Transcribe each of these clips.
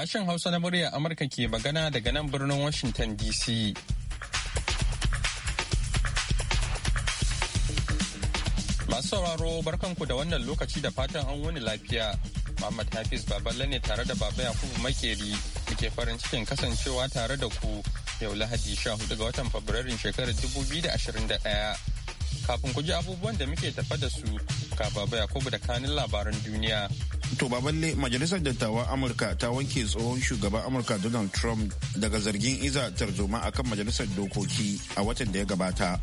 Sashen Hausa na murya Amurka ke magana daga nan birnin Washington DC. Masu sauraro barkanku da wannan lokaci da fatan an wani lafiya. Muhammad Hafiz Baballe ne tare da Baba Yakubu Makeri muke farin cikin kasancewa tare da ku yau Lahadi 14 ga watan Fabrairun shekarar 2021. Kafin ku ji abubuwan da muke tafa da su, ka Baba Yakubu da kanin labaran duniya. To baballe majalisar dattawan Amurka ta wanke tsohon shugaban Amurka Donald Trump daga zargin iza tarzoma akan majalisar dokoki a watan da ya gabata.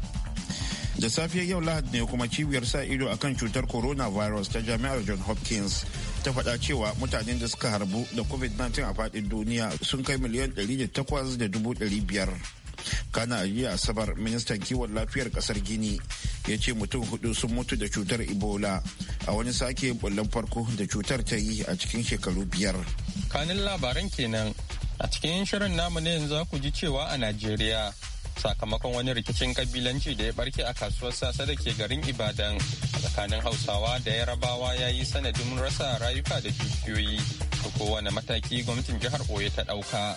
Da safiyar yau Lahadi ne kuma cibiyar sa ido a kan cutar coronavirus ta jami'ar John Hopkins ta faɗa cewa mutanen da suka harbu da COVID-19 a faɗin duniya sun kai miliyan da biyar. kana yi asabar ministan kiwon lafiyar kasar gini ya ce mutum hudu sun mutu da cutar ebola a wani sake bullon farko da cutar ta yi a cikin shekaru biyar kanin labaran kenan a cikin shirin namu ne yanzu ku ji cewa a najeriya sakamakon wani rikicin kabilanci da ya barke a kasuwar sasa da ke garin ibadan tsakanin hausawa da yarabawa ya yi sanadin rasa rayuka da dukiyoyi ko kowane mataki gwamnatin jihar oyo ta ɗauka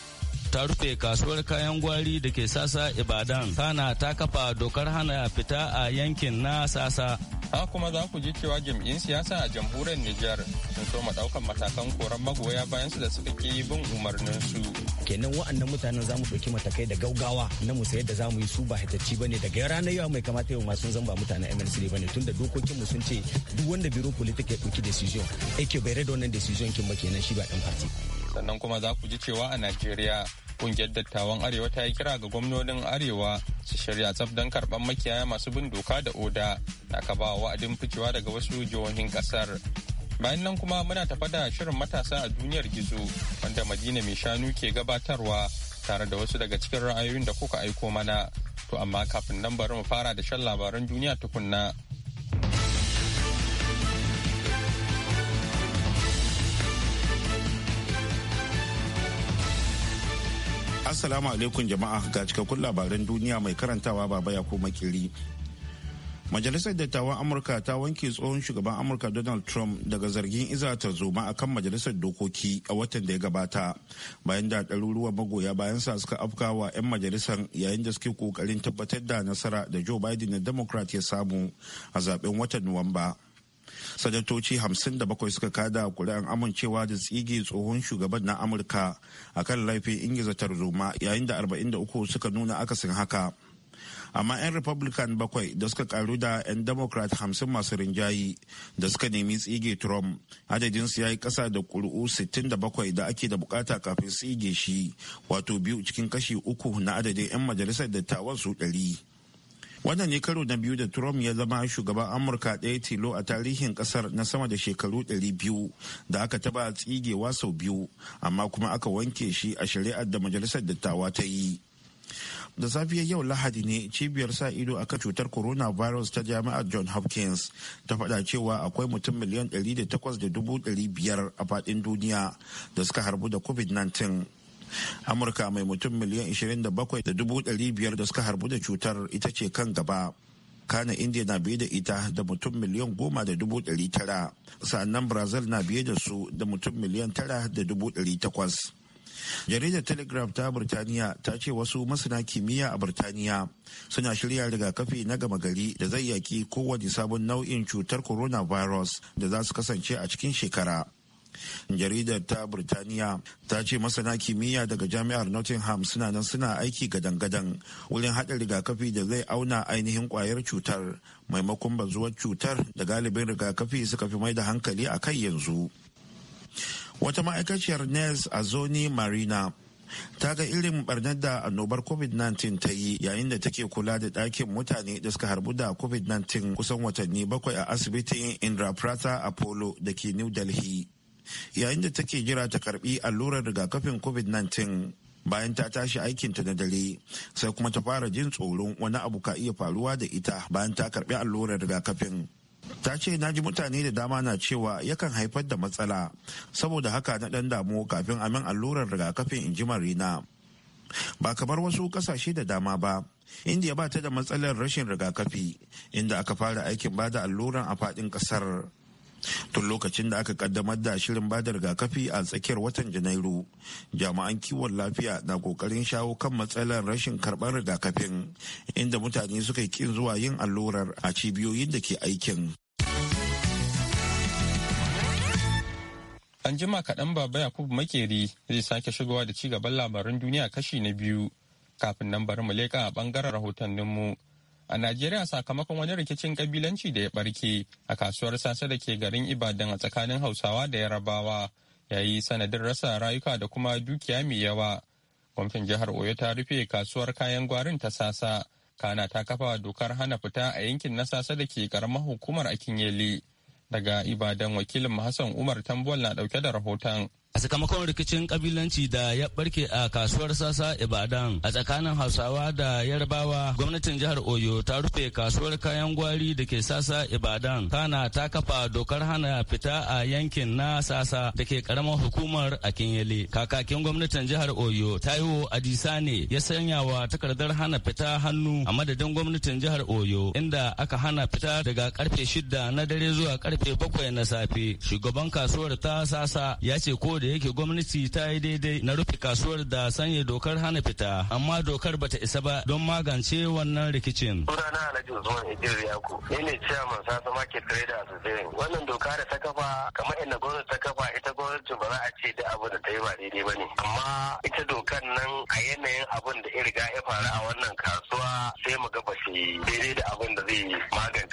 ta rufe kasuwar kayan gwari da ke sasa Ibadan. Kana ta kafa dokar hana fita a yankin na sasa. ha kuma za ku ji cewa jam'in siyasa a jamhuriyar Nijar sun so daukan matakan koran magoya bayan su da suka ke bin umarninsu. Kenan wa'annan mutanen za mu ɗauki matakai da gaugawa na mu sayar da za mu yi su ba hitacci ba ne daga ranar yau mai kamata yau masu zan ba mutanen MNC ba ne tunda dokokin mu sun ce duk wanda biro politika ya ɗauki decision ake bai da wannan decision kin ba kenan shi ba ɗan party. sannan kuma za ku ji cewa a najeriya kungiyar dattawan arewa ta yi kira ga gwamnonin arewa su shirya tsaf don karɓar makiyaya masu bin doka da oda da aka ba wa'adin ficewa daga wasu jihohin ƙasar bayan nan kuma muna tafa da shirin matasa a duniyar gizo wanda madina mai shanu ke gabatarwa tare da wasu daga cikin ra'ayoyin da kuka aiko mana to amma kafin nan bari mu fara da shan labaran duniya tukunna Assalamu alaikum jama'a ga cikakkun labaran duniya mai karantawa baba ya koma kiri. Majalisar Dattawan Amurka ta wanke tsohon shugaban Amurka Donald Trump daga zargin izata zoma a kan majalisar dokoki a watan da ya gabata bayan da ɗaruruwan magoya bayan sa suka afka wa 'yan majalisar yayin da suke ƙoƙarin tabbatar da nasara da Joe Biden na Democrat ya samu a zaben watan Nuwamba. sanatoci 57 suka kada kuri'an amincewa da tsige tsohon shugaban na amurka a kan laifin ingiza tarzoma yayin da 43 suka nuna akasin haka amma 'yan republican bakwai da suka karu da 'yan democrat 50 masu rinjayi da suka nemi tsige trump adadinsu ya yi kasa da kuri'u 67 da ake da bukata kafin tsige shi wato biyu cikin kashi uku na adadin 'yan majalisar dattawan su 100 wannan ne karo na biyu da trump ya zama shugaban amurka ɗaya tilo a tarihin ƙasar na sama da shekaru 200 da aka taba tsigewa sau biyu amma kuma aka wanke shi a shari'ar da majalisar dattawa ta yi da safiyar yau lahadi ne cibiyar sa ido akan cutar coronavirus ta jami'ar john hopkins ta faɗa cewa akwai mutum miliyan 800,500 a faɗin duniya da suka harbu da covid-19 amurka mai mutum miliyan 27 da da dubu biyar suka harbu da cutar ita ce kan gaba kana india na biye da ita da mutum miliyan goma da dubu ɗari tara Sa'annan brazil na biye da su da mutum miliyan tara da dubu ɗari takwas jaridar telegraph ta birtaniya ta ce wasu masana kimiyya a birtaniya suna shirya rigakafi na gama gari da zai yaki kowane sabon nau'in cutar coronavirus da za su kasance a cikin shekara jaridar ta Birtaniya ta ce masana kimiyya daga jami'ar Nottingham suna nan suna aiki gadan-gadan wurin haɗa rigakafi da zai auna ainihin kwayar cutar maimakon bazuwar cutar da galibin rigakafi suka fi mai da hankali a kai yanzu. Wata ma'aikaciyar NES a Zoni Marina ta ga irin barnar da annobar covid-19 ta yi yayin da take kula da ɗakin mutane da suka harbu da covid-19 kusan watanni bakwai a asibitin indraprata apollo da ke new delhi yayin da take jira ta karbi allurar rigakafin covid-19 bayan ta tashi aikinta na dare sai kuma ta fara jin tsoron wani abu ka iya faruwa da ita bayan ta karbi allurar rigakafin ta ce na ji mutane da dama na cewa yakan haifar da matsala saboda haka na dan damu kafin a min allurar rigakafin in ji marina ba kamar wasu kasashe da dama ba indiya ba ta da matsalar rashin rigakafi inda aka fara aikin ba da alluran a faɗin ƙasar tun lokacin da aka kaddamar da shirin bada rigakafi a tsakiyar watan janairu jami'an kiwon lafiya na kokarin shawo kan matsalar rashin karɓar rigakafin inda mutane suka kin zuwa yin allurar a cibiyoyin da ke aikin an jima kaɗan baba yakubu makeri zai sake shigowa da ci gaban labaran duniya kashi na biyu kafin nan bari mu leƙa a ɓangaren rahotanninmu mu a Najeriya sakamakon wani rikicin kabilanci da ya barke a kasuwar sasa da ke garin Ibadan a tsakanin Hausawa da Yarabawa ya yi sanadin rasa rayuka da kuma dukiya mai yawa. Gwamnatin jihar Oyo ta rufe kasuwar kayan gwarin ta sasa. Kana ta kafa dokar hana fita a yankin na sasa da ke karamar hukumar Akinyele. Daga Ibadan wakilin Hassan Umar Tambol na dauke da rahoton. A sakamakon rikicin kabilanci da ya barke a kasuwar sasa Ibadan a tsakanin Hausawa da Yarbawa, gwamnatin jihar Oyo ta rufe kasuwar kayan gwari da ke sasa Ibadan. Kana ta kafa dokar hana fita a yankin na sasa da ke karamar hukumar kinyale Kakakin gwamnatin jihar Oyo Taiwo Adisa ne ya sanya wa takardar hana fita hannu a madadin gwamnatin jihar Oyo inda aka hana fita daga karfe shida na dare zuwa karfe bakwai na safe. Shugaban kasuwar ta sasa ya ce ko da yake gwamnati ta yi daidai na rufe kasuwar da sanya dokar hana fita amma dokar bata isa ba don magance wannan rikicin. Sunana Alhaji Usman Idris Yaku ni ne chairman Sasa Market Trader Association wannan doka da ta kafa kamar inda gwamnati ta kafa ita gwamnati ba za a ce da abu da ta yi ba daidai ba ne amma ita dokar nan a yanayin abin da ya riga ya faru a wannan kasuwa sai mu ga ba shi daidai da abin da zai magance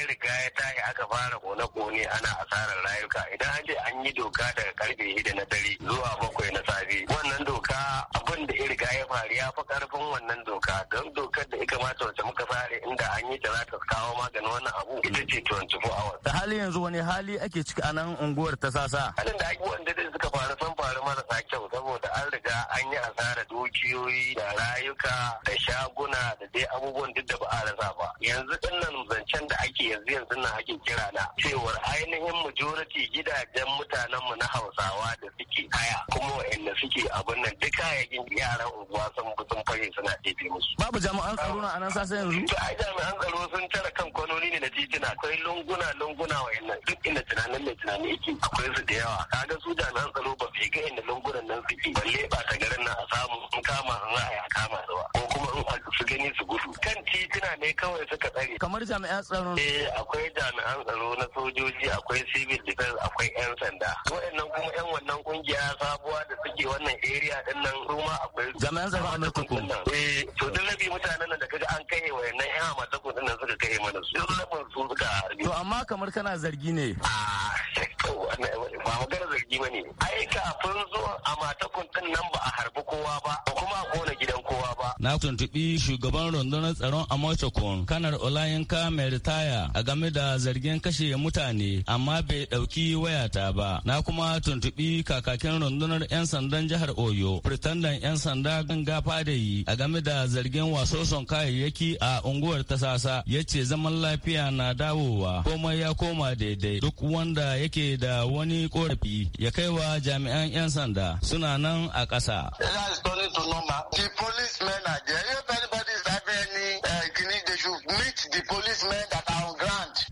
ya riga ya tashi aka fara kone-kone ana asarar rayuka idan an je an yi doka daga karfe shida na dare zuwa bakwai na safe wannan doka abin da ya riga ya faru ya fi karfin wannan doka don dokar da ya kamata wace muka fara inda an yi ta ta kawo maganin wannan abu ita ce 24 hours. da hali yanzu wani hali ake ciki a nan unguwar ta sasa. halin da ake wanda suka faru sun faru marasa kyau saboda an riga an yi asara dukiyoyi da rayuka da shaguna da dai abubuwan duk da ba a rasa ba yanzu dinnan zancen da ake yanzu yanzu na ake kira na cewar ainihin majority gidajen mutanen mu na hausawa da suke haya kuma wa'anda suke abun nan duka yakin yaran unguwa sun kwarin suna ɗebe musu. Babu jami'an tsaro na anan sasa yanzu? Ba jami'an tsaro sun tara kan kwanoni ne na titina akwai lunguna lunguna wa yannan. duk inda tunanin mai tunani yake akwai su da yawa. Kaga su jami'an tsaro ba su ga inda lungunan nan suke balle ba ta garin nan a samu in kama in a kama su ba. ko kuma in su gani su gudu. Kan titina ne kawai suka tsare. Kamar jami'an tsaro. Eh akwai jami'an tsaro na sojoji akwai civil defense akwai 'yan sanda. Wa'annan kuma 'yan wannan kungiya sabuwa suke wannan area din nan su akwai. zaman zaman Amurka ko? Eh, to duk bi mutanen nan da kaga an kai wayannan yan hamata kudin nan suka kai mana su lafin su suka harbi to amma kamar kana zargi ne ah, ba magana zargi ba ne ai kafin a amata kudin nan ba a harbi kowa ba kuma a kona gidan kowa ba na tuntubi shugaban rundunar tsaron amotokon kanar olayinka mai ritaya a game da zargin kashe mutane amma bai dauki wayata ba na kuma tuntubi kakakin rundunar yan sandan jihar oyo pretendant yan sanda ganga fadayi a game da zargin wajen kayayyaki a unguwar ta sasa ya ce zaman lafiya na dawowa komai ya koma daidai duk wanda yake da wani korafi ya kaiwa jami'an 'yan sanda suna nan a ƙasa. Uh,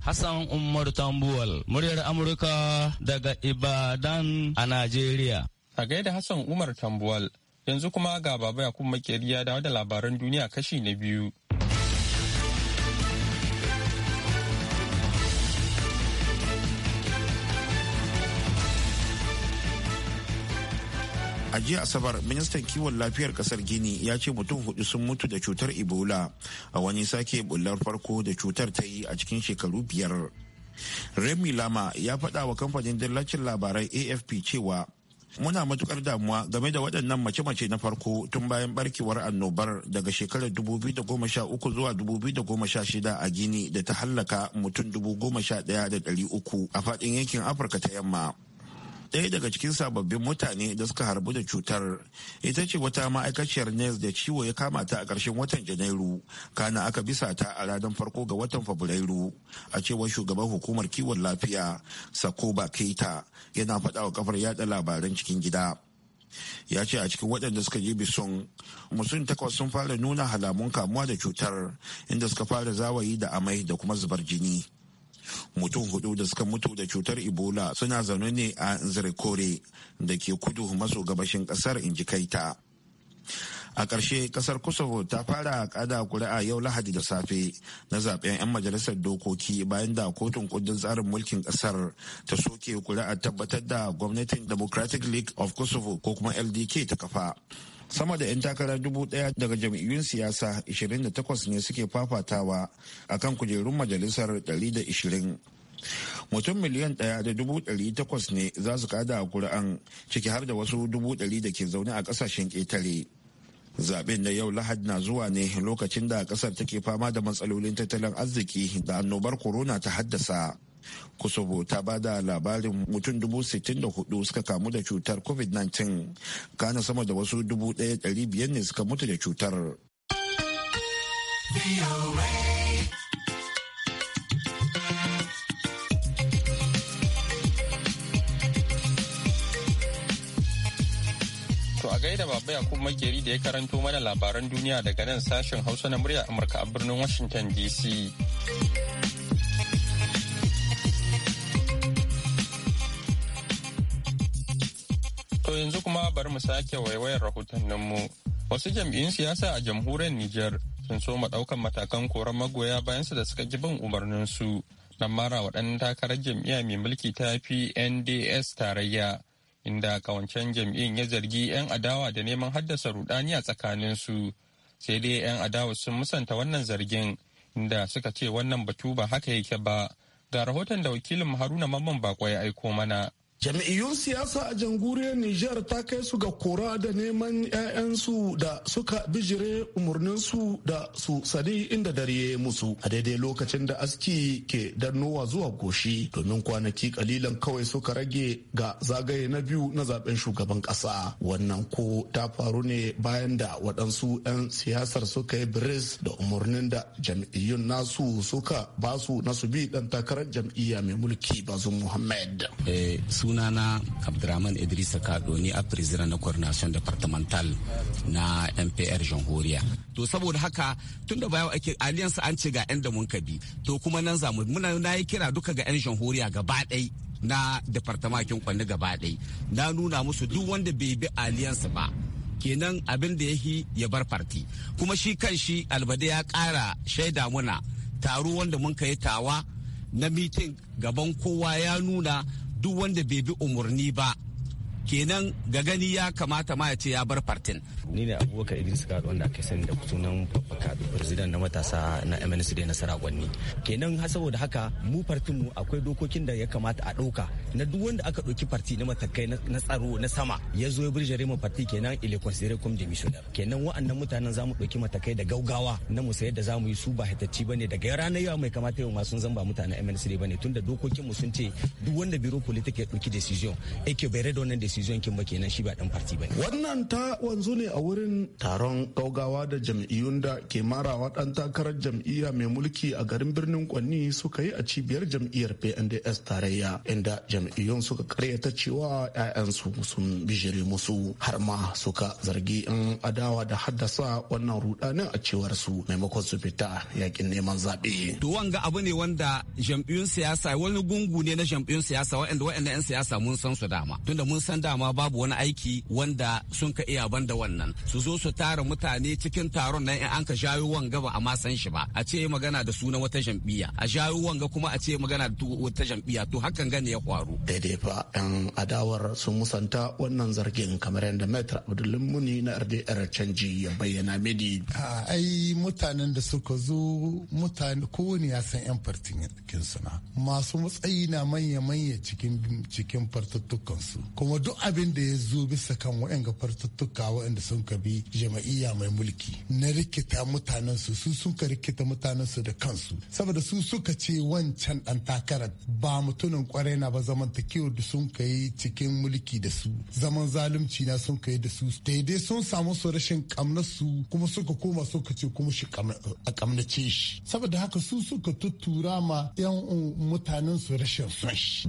Hassan Umar Tambuwal, muryar Amurka daga Ibadan a Najeriya. A gaida Hassan Umar Tambuwal, Yanzu kuma ga baba ya kuma makeriya dawo da labaran duniya kashi na biyu. a jiya asabar ministan kiwon lafiyar kasar gini ya ce mutum hudu sun mutu da cutar ebola a wani sake bullar farko da cutar ta yi a cikin shekaru biyar remi lama ya faɗa wa kamfanin dillacin labarai afp cewa muna matukar damuwa game da waɗannan mace-mace na farko tun bayan barkewar annobar daga shekarar 2013 zuwa 2016 a gini da ta hallaka mutum 11,300 a faɗin yankin afirka ta yamma ɗaya daga cikin sababbin mutane da suka harbu da cutar ita ce wata ma'aikaciyar nes da ciwo ya kama ta a ƙarshen watan janairu kana aka bisa ta a ranar farko ga watan fabrairu a cewar shugaban hukumar kiwon lafiya sakoba keita yana faɗa wa kafar yada labaran cikin gida ya ce a cikin waɗanda suka je bison mutum takwas sun fara nuna halamun kamuwa da cutar inda suka fara zawayi da amai da kuma zubar jini mutum hudu da suka mutu da cutar ebola suna zaune ne a zirikore da ke kudu maso gabashin kasar inji kaita a ƙarshe ƙasar kosovo ta fara ƙada kuri'a yau lahadi da safe na zaɓen 'yan majalisar dokoki bayan da kotun kundin tsarin mulkin ƙasar ta soke kuri'a tabbatar da gwamnatin democratic league of kosovo ko kuma ldk ta kafa sama da 'yan takara dubu daya daga jam'iyyun siyasa 28 ne suke fafatawa a kan kujerun majalisar 120 mutum miliyan daya da dubu dari takwas ne za su kada a kuri'an ciki har da wasu dubu dari da ke zaune a kasashen ƙetare zaben na yau lahad na zuwa ne lokacin da kasar take fama da matsalolin tattalin arziki da annobar corona ta haddasa kosovo ta ba da labarin mutum hudu suka kamu da cutar covid-19 kana sama da wasu biyar ne suka mutu da cutar To a gaida baba yakub Makeri da ya karanto mana labaran duniya daga nan sashen Hausa na murya Amurka a birnin Washington DC. To yanzu kuma bari mu sake waiwayar rahotanninmu. Wasu jam'iyyun siyasa a jamhuriyar Nijar sun soma ɗaukan matakan koran magoya bayan su da suka ji bin su Nan mara waɗannan takarar jam'iyya mai mulki ta fi PNDS tarayya. Inda kawancen jam'iyyun ya zargi 'yan adawa da neman haddasa rudani a tsakanin su Sai dai 'yan adawa sun musanta wannan zargin. Inda suka ce wannan batu ba haka yake ba. Ga rahoton da wakilin Haruna Mamman Bako ya aiko mana. Jami'iyyun siyasa a jamhuriyar Nijar ta kai su ga kora da neman 'ya'yansu da suka bijire umarninsu da su sani inda dare musu a daidai lokacin da aski ke dannowa zuwa goshi domin kwanaki kalilan kawai suka rage ga zagaye na biyu na zaben shugaban kasa. Wannan ko ta faru ne bayan da waɗansu 'yan siyasar suka yi biris da umarnin da jami'iyyun nasu suka basu nasu bi ɗan takarar jam'iyya mai mulki Bazum Muhammad. Eh, sunana abdurrahman idrisa kado ni a president na coordination departmental na mpr jamhuriya to saboda haka tun da bayan ake aliyansa an ce ga 'yan da mun bi to kuma nan zamu muna na yi kira duka ga 'yan jamhuriya gaba ɗai na departamentin kwanne gaba ɗai na nuna musu duk wanda bai bi aliyansa ba kenan abin da yahi ya bar farti kuma shi kan shi albade ya kara shaida muna taro wanda mun kai tawa na mitin gaban kowa ya nuna duk wanda bai bi umarni ba kenan ga gani ya kamata ma ya ce ya bar fartin. Ni ne Abubakar Idris ka wanda aka sani da sunan Kado president na matasa na MNC da nasara gwanni. Kenan har saboda haka mu fartin mu akwai dokokin da ya kamata a dauka na duk wanda aka dauki farti na matakai na tsaro na sama ya zo ya birjare mu farti kenan il est kom comme démissionnaire. Kenan wa'annan mutanen zamu dauki matakai da gaugawa na mu sayar da zamu yi su ba hitacci bane daga ranar yawa mai kamata yau ma sun zamba mutanen MNC bane tunda dokokin mu sun ce duk wanda biro politik ya ɗauki decision yake bai da wannan decision decision kin ba kenan shi ba dan farti ba wannan ta wanzu ne a wurin taron gaugawa da jam'iyyun da ke marawa dan takarar jam'iyya mai mulki a garin birnin Kwanni suka yi a cibiyar jam'iyyar PNDS tarayya inda jam'iyyun suka karyata cewa su sun bijire musu har ma suka zargi in adawa da haddasa wannan rudanin a cewar su maimakon su fita yakin neman zaɓe. To wanga abu ne wanda jam'iyyun siyasa wani gungu ne na jam'iyyun siyasa wa'anda wa'anda 'yan siyasa mun san su dama tunda mun san dama babu wani aiki wanda sun ka iya banda wannan su zo su tara mutane cikin taron nan in an ka jawo wanga ba a ma san shi ba a ce magana da sunan wata jam'iyya a jawo wanga kuma a ce magana da wata jam'iyya to hakan gane ya kwaro. daidai fa yan adawar sun musanta wannan zargin kamar yadda Maitre Abdullahi Muni na RDR canji ya bayyana midi ai mutanen da suka zo mutane kowane ya san yan fartin suna masu matsayi na manya-manya cikin cikin fartattukan su kuma duk abin da ya zo bisa kan waɗanda fartuttuka waɗanda sun bi jama'iyya mai mulki na rikita mutanen su sun ka rikita mutanen mutanensu da kansu saboda su suka ce wancan ɗan takarar ba mutumin kwarai na ba zamantakewar da sun ka yi cikin mulki da su zaman zalunci na sun ka yi da su daidai sun samu su rashin su kuma suka koma suka ce kuma shi a kamnace shi saboda haka su suka tuttura ma 'yan um, mutanen su rashin son shi.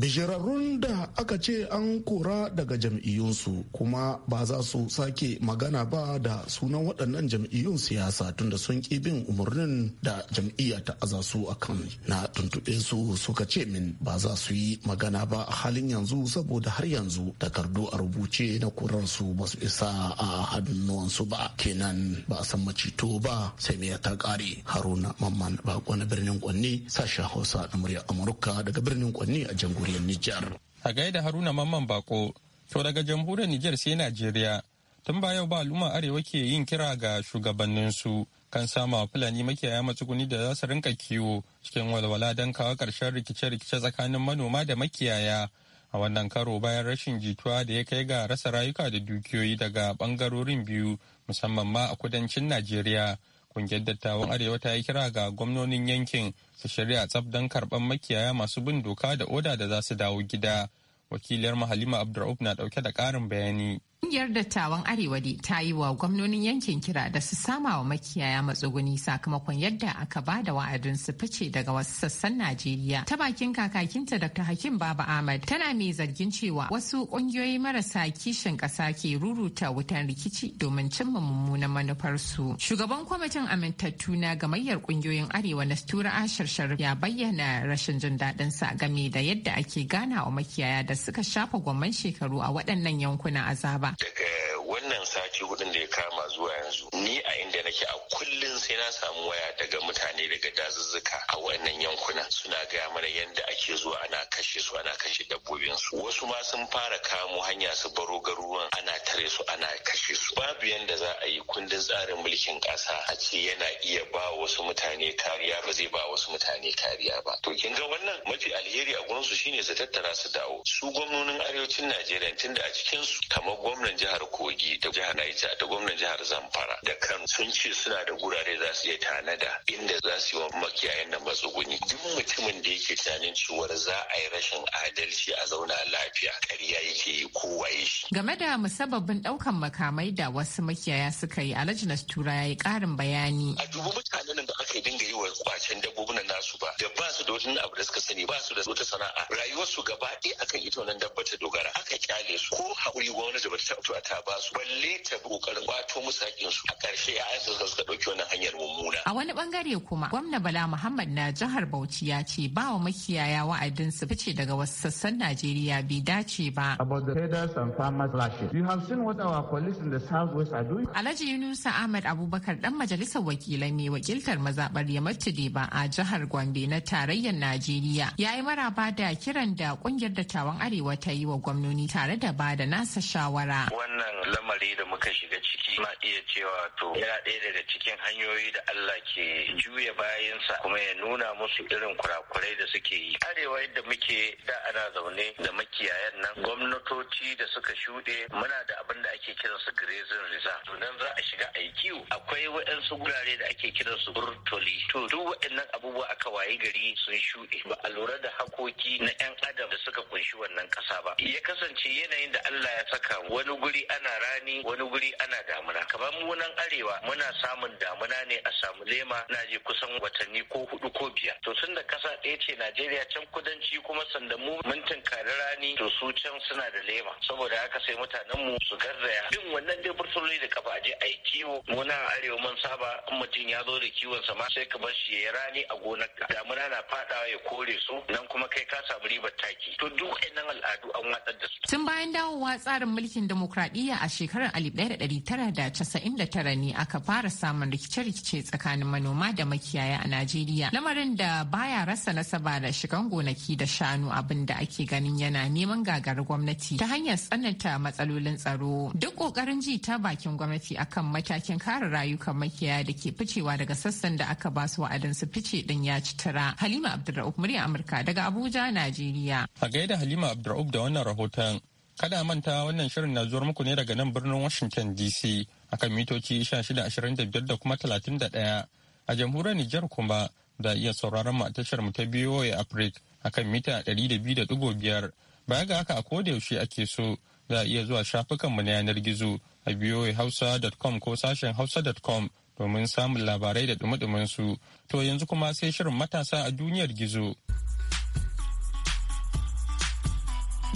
da aka ce an kora daga daga jam'iyyunsu kuma ba za su sake magana ba da sunan waɗannan jam'iyyun siyasa tunda sun ƙi bin umarnin da jam'iyya ta aza su a kan na tuntuɓe su suka ce min ba za su yi magana ba a halin yanzu saboda har yanzu takardu a rubuce na kurar su ba su isa a hannuwansu ba kenan ba a san macito ba sai me ta kare haruna mamman bako na birnin kwanne sashen hausa na murya amurka daga birnin kwanne a jamhuriyar nijar a gaida haruna mamman bako To daga jamhuriyar Nijar sai Najeriya, tun ba yau ba al'umma arewa ke yin kira ga shugabannin su kan sama Fulani makiyaya matsuguni da za su rinka kiwo cikin walwala don kawo ƙarshen rikice-rikice tsakanin manoma da makiyaya. A wannan karo bayan rashin jituwa da ya kai ga rasa rayuka da dukiyoyi daga ɓangarorin biyu musamman ma a kudancin Najeriya. Kungiyar dattawan Arewa ta yi kira ga gwamnonin yankin su shirya tsaf don karɓar makiyaya masu bin doka da oda da za su dawo gida. wakiliyar halima abdur'uf na dauke da karin bayani Ƙungiyar dattawan Arewa ne ta yi wa gwamnonin yankin kira da su sama wa makiyaya matsuguni sakamakon yadda aka ba da wa'adin su fice daga wasu sassan Najeriya. Ta bakin kakakinta Dr. Hakim Baba Ahmad tana mai zargin cewa wasu ƙungiyoyi marasa kishin ƙasa ke ruruta wutan rikici domin cimma mummunan manufarsu. Shugaban kwamitin amintattu na gamayyar ƙungiyoyin Arewa na Tura Ashar Sharif ya bayyana rashin jin daɗin sa game da yadda ake gana wa makiyaya da suka shafa gwamman shekaru a waɗannan yankuna azaba. ba. Daga eh, wannan kwanaki hudun da ya kama zuwa yanzu ni a inda nake a kullun sai na samu waya daga mutane daga dazuzzuka a wannan yankunan suna gaya mana yadda ake zuwa ana kashe su ana kashe dabbobin su. wasu ma sun fara kamo hanya su baro garuruwan ana tare su ana kashe su babu yadda za a yi kundin tsarin mulkin ƙasa a ce yana iya ba wasu mutane kariya ba zai ba wasu mutane kariya ba to kin ga wannan mafi alheri a gurinsu shine su tattara su dawo su gwamnonin arewacin najeriya tunda a cikin su kamar gwamnan jihar kogi da jihar yi ta gwamnan jihar zamfara da kan sun ce suna da gurare za su iya tanada inda za su yi wa makiyayan nan matsuguni duk mutumin da yake tunanin cewar za a yi rashin adalci a zauna lafiya ƙarya yake yi kowa yi shi. game da musabbabin ɗaukan makamai da wasu makiyaya suka yi alhaji tura ya yi ƙarin bayani. a dubu mutanen da aka yi dinga yi wa kwacen dabbobin nasu ba da ba su da wani abu da suka sani ba su da wata sana'a rayuwarsu gaba ɗaya akan ita wannan dabba ta dogara aka kyale su ko haƙuri gwamnati ba ta ta ba su balle ta kokarin kwato musu a suka dauki wannan hanyar mummuna. A wani bangare kuma gwamna Bala Muhammad na jihar Bauchi ya ce ba wa makiyaya wa'adin su fice daga wasu sassan Najeriya bai dace ba. About the traders and farmers lashes. You have seen what our police in the west are doing. Alhaji Yunusa Ahmad Abubakar dan majalisar wakilai mai wakiltar mazaɓar Yamatu ba a jihar Gombe na tarayyar Najeriya ya yi maraba da kiran da kungiyar dattawan Arewa ta yi wa gwamnoni tare da ba da nasa shawara. Wannan lamari da muka suka shiga ciki na iya cewa to yana ɗaya daga cikin hanyoyi da Allah ke juya bayansa kuma ya nuna musu irin kurakurai da suke yi. Arewa yadda muke da ana zaune da makiyayan nan gwamnatoci da suka shuɗe muna da abin da ake su grazing reserve. To nan za a shiga aiki akwai waɗansu gurare da ake kiran su burtoli. To duk waɗannan abubuwa aka wayi gari sun shuɗe ba a lura da hakoki na 'yan adam da suka kunshi wannan ƙasa ba. Ya kasance yanayin da Allah ya saka wani guri ana rani wani guri ana damuna kamar mu nan arewa muna samun damuna ne a samu lema na ji kusan watanni ko hudu ko biyar to tun da kasa ɗaya ce najeriya can kudanci kuma sanda mu mun tunkari rani to su can suna da lema saboda haka sai mutanen mu su garzaya bin wannan dai burtuloli da kafa aje a yi kiwo mu nan arewa mun saba in mutum ya zo da kiwon sa ma sai ka bar shi ya rani a gonar ka damuna na fadawa ya kore su nan kuma kai ka samu ribar taki to duk al'adu an watsar da su tun bayan dawowa tsarin mulkin demokradiyya a shekarar alif 1999 ne aka fara samun rikice-rikice tsakanin manoma da makiyaya a Najeriya. Lamarin da baya rasa nasaba da shigan gonaki da shanu abin da ake ganin yana neman gagarar gwamnati ta hanyar tsananta matsalolin tsaro. Duk kokarin ji ta bakin gwamnati akan matakin kare rayukan makiyaya da ke ficewa daga sassan da aka ba su wa'adin su fice din ya ci tara. Halima Abdulrahman murya Amurka daga Abuja, Najeriya. A gaida Halima Abdulrahman da wannan rahoton Kada manta wannan shirin na zuwar muku ne daga nan birnin Washington DC akan mitoci 1625 da kuma 31 a jamhuriyar Nijar kuma za iya sauraron mu a tashar mu ta BOA Africa akan mita 200.5 baya ga haka a koda yaushe ake so za a iya zuwa shafukan mu na yanar gizo a boahausa.com ko sashen hausa.com domin samun labarai da dumudumin su to yanzu kuma sai shirin matasa a duniyar gizo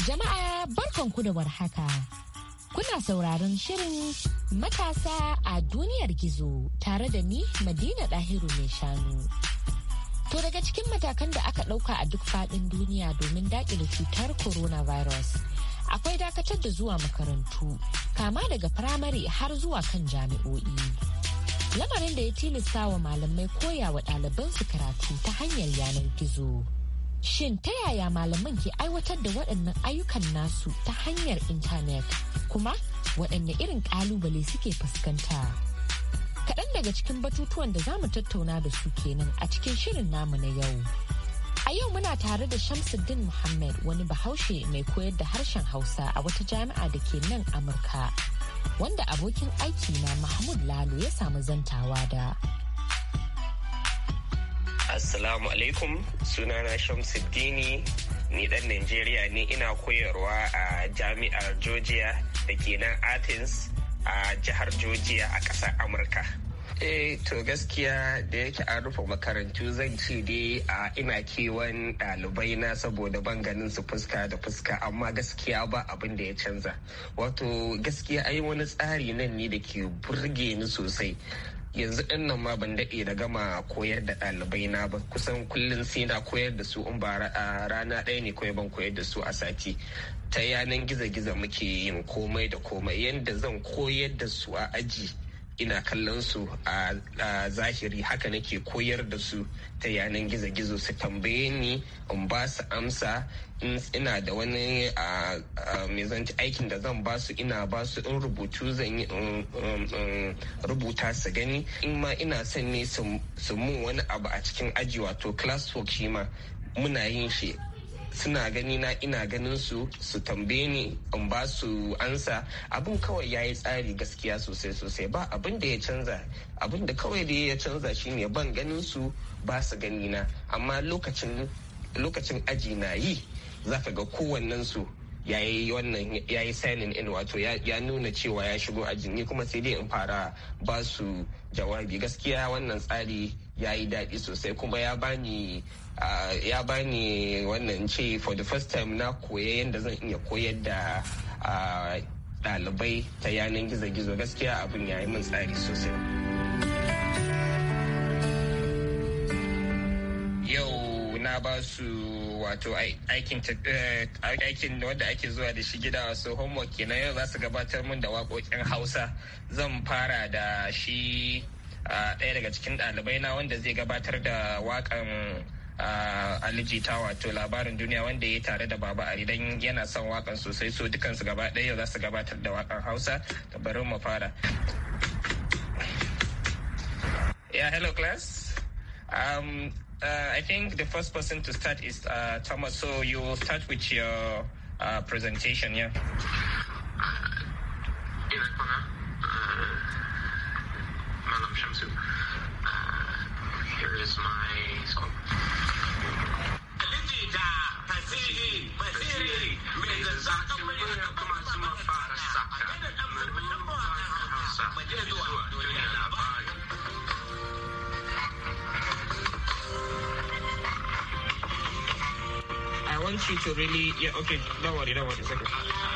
jama'a jama'a barkanku da warhaka. Kuna sauraron shirin matasa a duniyar gizo tare da ni Madina Dahiru mai shanu. To daga cikin matakan da aka ɗauka a duk faɗin duniya domin daƙile cutar coronavirus. Akwai dakatar da zuwa makarantu, kama daga firamare har zuwa kan jami'o'i. lamarin da ya tilasta wa malamai koya wa ɗalibansu karatu ta hanyar yanar gizo. Shin ta yaya malaman ke aiwatar da waɗannan ayyukan nasu ta hanyar intanet kuma waɗanne irin ƙalubale suke fuskanta? Kaɗan daga cikin batutuwan da za mu tattauna da su kenan a cikin shirin namu na yau. A yau muna tare da Shamsuddin Muhammad wani bahaushe mai koyar da harshen Hausa a wata jami'a da ke nan Amurka, wanda abokin aiki na Mahmud Lalo ya samu zantawa da. Assalamu alaikum sunana Shamsuddini ni dan Najeriya ne ina koyarwa a jami'ar Georgia da ke nan Athens a jihar Georgia a ƙasar Amurka. Eh to gaskiya da yake an rufe makarantu zan ce dai a ina kewan ɗalibai na saboda ban ganin su fuska da fuska amma gaskiya ba abin da ya canza. Wato gaskiya ai wani tsari nan ne da ke burge ni sosai yanzu din nan ma ban daɗe da gama koyar da ɗalibai na ba kusan kullum sai na koyar da su in ba rana ɗaya ne kawai ban koyar da su a sati ta yanan gizo-gizo muke yin komai da komai yadda zan koyar da su a aji ina kallon su a zahiri haka nake koyar da su ta yanan gizo-gizo su tambaye ni in ba su amsa ina da wani zanci aikin da zan ba su ina ba su in rubutu zan yi rubuta su gani in ma ina son ne su mun wani abu a cikin aji wato classwork shi ma muna yin shi suna gani na ina ganin su su tambaye ni in ba su ansa abin kawai ya yi tsari gaskiya sosai sosai ba abin da ya canza abin da kawai da ya canza shine ban ganin su ba su gani na amma lokacin aji na yi za ga kowannen su ya yi wannan in wato ya nuna cewa ya shigo ajin ni kuma sai dai in fara ba su jawabi gaskiya wannan tsari ya yi daɗi sosai kuma ya bani ya bani wannan ce for the first time na koya yadda zan iya koyar da ɗalibai ta yanar gizo-gizo gaskiya abin ya yi min tsari sosai yau na ba su wato aikin eh, wanda ake zuwa da shi gida wasu homework kenan yau za su gabatar min da waƙoƙin hausa zan fara da shi A ɗaya daga cikin ɗalibai na wanda zai gabatar da waƙan jita wato labarin duniya wanda ya tare da baba ari dan yana son waƙan sosai so dukansu gaba ɗaya za su gabatar da waƙan hausa da bari mu fara yeah hello class um, uh, i think the first person to start is uh, thomas so you will start with your uh, presentation yeah Malam Shamsu. Uh, here is my song. I want you to really, yeah, okay, don't worry, don't worry, it's okay.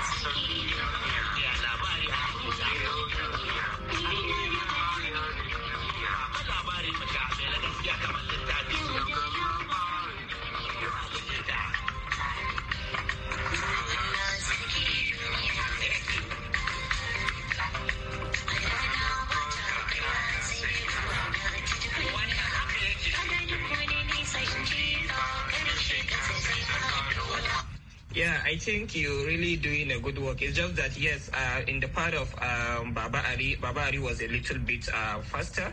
think you're really doing a good work. It's just that, yes, uh, in the part of um, Baba Ari, Baba Ari was a little bit uh, faster.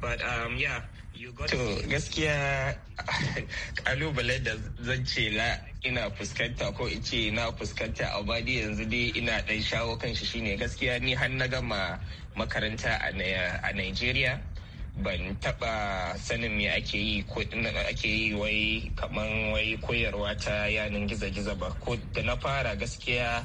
But um, yeah, you got to. gaskiya kalubale da zan ce na ina fuskanta ko ice na fuskanta a badi yanzu dai ina dan shawo kan shi shine gaskiya ni har na gama makaranta a Nigeria ban taba sanin me ake yi ko ake yi wai kaman wai koyarwa ta yanin gizo-gizo ba ko da na fara gaskiya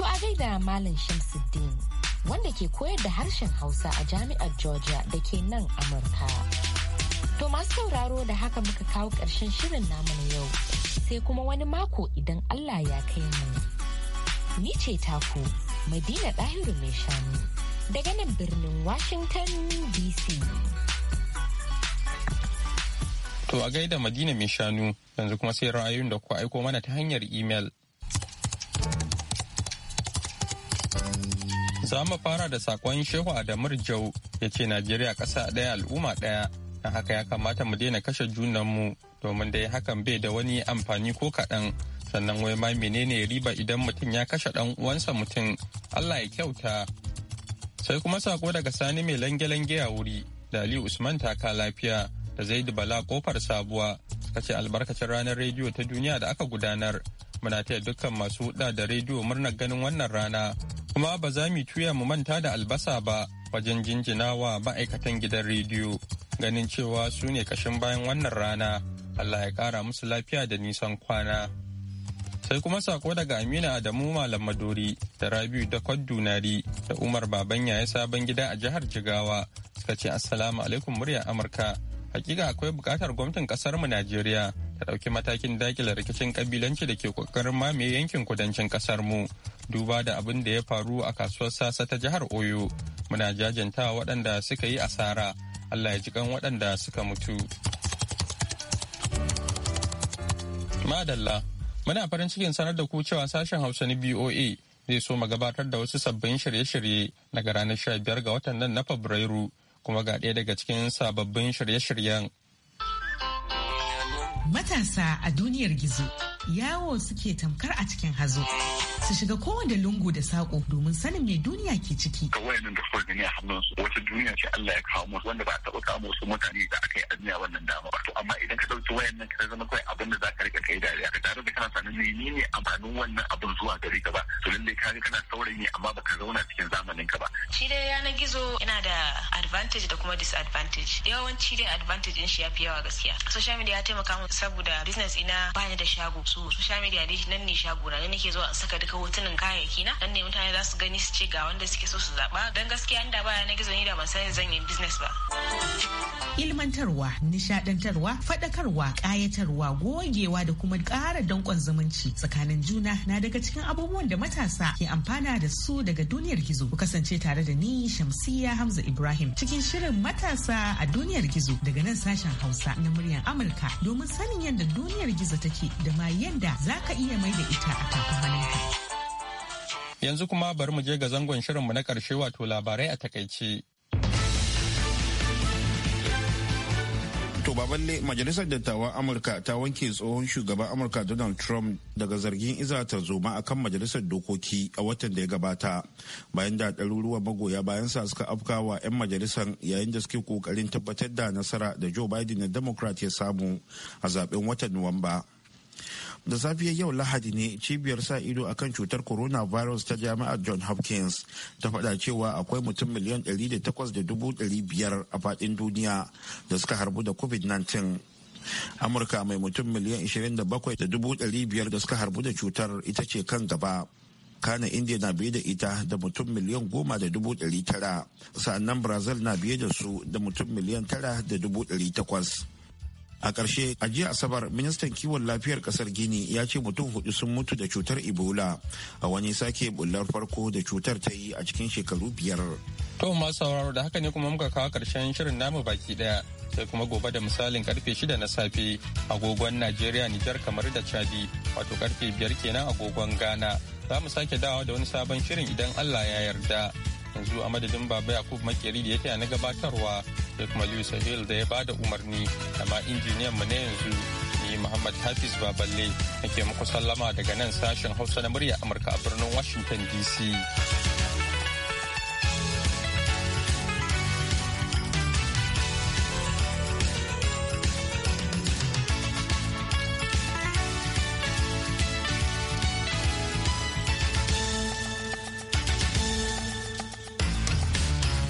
To a gaida Malam Shamsuddin wanda ke koyar da harshen Hausa a Jami'ar Georgia da ke nan Amurka. To masu sauraro da haka muka kawo ƙarshen shirin namu na yau sai kuma wani mako idan Allah ya kai mu. Ni ce taku Madina Ɗahiru mai shanu daga nan birnin Washington DC. To a gaida Madina mai shanu yanzu kuma sai ra'ayoyin da ku aiko mana ta hanyar imel. Za mu fara da sakon Shehu Adamur Jau ya ce Najeriya ƙasa ɗaya al'umma ɗaya na haka ya kamata mu daina kashe junanmu domin dai hakan bai da wani amfani ko kaɗan sannan wai ma menene riba idan mutum ya kashe ɗan uwansa mutum Allah ya kyauta. Sai kuma sako daga Sani mai lange-lange a wuri da Usman Usman taka lafiya da Zaidu Bala kofar sabuwa suka ce albarkacin ranar rediyo ta duniya da aka gudanar muna taya dukkan masu huda da rediyo murnar ganin wannan rana kuma ba za mu tuya mu manta da albasa ba wajen jinjina wa ma'aikatan gidan rediyo ganin cewa su ne kashin bayan wannan rana allah ya kara musu lafiya da nisan kwana sai kuma sako daga amina adamu malam madori da rabiu da kwadunari da umar babanya ya sabon gida a jihar jigawa suka ce assalamu alaikum murya amurka hakika akwai bukatar gwamnatin kasar mu Najeriya ta dauki matakin dakile rikicin kabilanci da ke kokarin mamaye yankin kudancin kasar mu duba da abin da ya faru a kasuwar sasa ta jihar Oyo muna jajanta waɗanda suka yi asara Allah ya ji kan waɗanda suka mutu Madalla muna farin cikin sanar da ku cewa sashen Hausa na BOA zai so gabatar da wasu sabbin shirye-shirye daga ranar 15 ga watan nan na Fabrairu kuma ga ɗaya daga cikin sababbin shirye-shiryen. Matasa a duniyar gizo yawo suke tamkar a cikin hazo. su shiga kowane lungu da sako domin sanin me duniya ke ciki. Ga nan da suka gani a hannunsu wata duniya ce Allah ya kawo musu wanda ba a taɓa kawo musu mutane da aka yi a wannan dama ba. To amma idan ka ɗauki nan ka zama kawai abin da za ka riƙa kai dariya ka tare da kana sanin menene amfanin wannan abin zuwa gari ka ba. To lallai ka ga kana saurayi ne amma baka zauna cikin zamanin ka ba. Shi dai yanar gizo yana da advantage da kuma disadvantage. Yawanci dai advantage in shi ya fi yawa gaskiya. Social media ya taimaka mu saboda business ina bani da shago. So social media dai nan ne shago na ne nake zuwa in saka duka hotunan kayayyaki na dan ne mutane za su gani su ce ga wanda suke so su zaba dan gaskiya inda ba na gizo ni da ban san zan yi business ba ilmantarwa nishadantarwa fadakarwa kayatarwa gogewa da kuma ƙara dankon zumunci tsakanin juna na daga cikin abubuwan da matasa ke amfana da su daga duniyar gizo ku kasance tare da ni shamsiya hamza ibrahim cikin shirin matasa a duniyar gizo daga nan sashen hausa na muryar amurka domin sanin yadda duniyar gizo take da ma yadda za ka iya mai da ita a takwamanin Yanzu kuma bari mu je ga zangon shirinmu na karshe wato labarai a takaice. To baballe majalisar dattawan Amurka ta wanke tsohon shugaban Amurka Donald Trump daga zargin iza tarzoma a kan majalisar dokoki a watan da ya gabata bayan da ɗaruruwan magoya bayan sa suka afkawa 'yan majalisar yayin da suke kokarin tabbatar da nasara da Joe Biden na Democrat ya samu a zaben watan Nuwamba. da safiya yau lahadi ne cibiyar sa ido akan cutar coronavirus ta jami'ar john hopkins ta faɗa cewa akwai mutum miliyan 800,500 a faɗin duniya da suka harbu da covid-19 amurka mai mutum miliyan 27,500 da suka harbu da cutar ita ce kan gaba kana india na biye da ita da mutum miliyan goma da dubu sa'annan brazil na biye da su da mutum miliyan tara da dubu a ƙarshe a jiya asabar ministan kiwon lafiyar ƙasar gini ya ce mutum hudu sun mutu da cutar ebola a wani sake bullar farko da cutar ta yi a cikin shekaru biyar to masu sauraro da haka ne kuma muka kawo ƙarshen shirin namu baki daya sai kuma gobe da misalin karfe shida na safe agogon najeriya nijar kamar da chadi wato karfe biyar kenan agogon ghana za mu sake dawa da wani sabon shirin idan allah ya yarda yanzu a madadin baba yakub makeri da ya taya na gabatarwa da kuma lewis hill da ya ba da umarni da ma injiniyan mu na yanzu ni muhammad hafiz baballe nake muku sallama daga nan sashen hausa na murya amurka a birnin washington dc